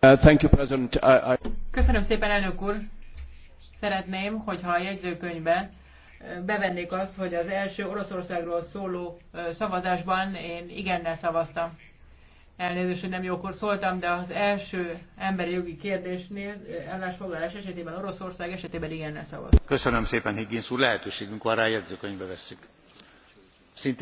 Uh, Köszönöm szépen, elnök úr! Szeretném, hogyha a jegyzőkönyvbe uh, bevennék azt, hogy az első Oroszországról szóló uh, szavazásban én igennel szavaztam. Elnézést, hogy nem jókor szóltam, de az első emberi jogi kérdésnél állásfoglalás esetében Oroszország esetében igennel szavaztam. Köszönöm szépen, Higgins úr, lehetőségünk van rá, jegyzőkönyvbe vesszük.